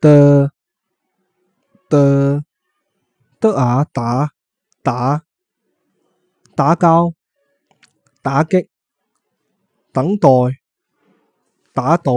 的、的、的啊！打、打、打交、打擊、等待、打倒。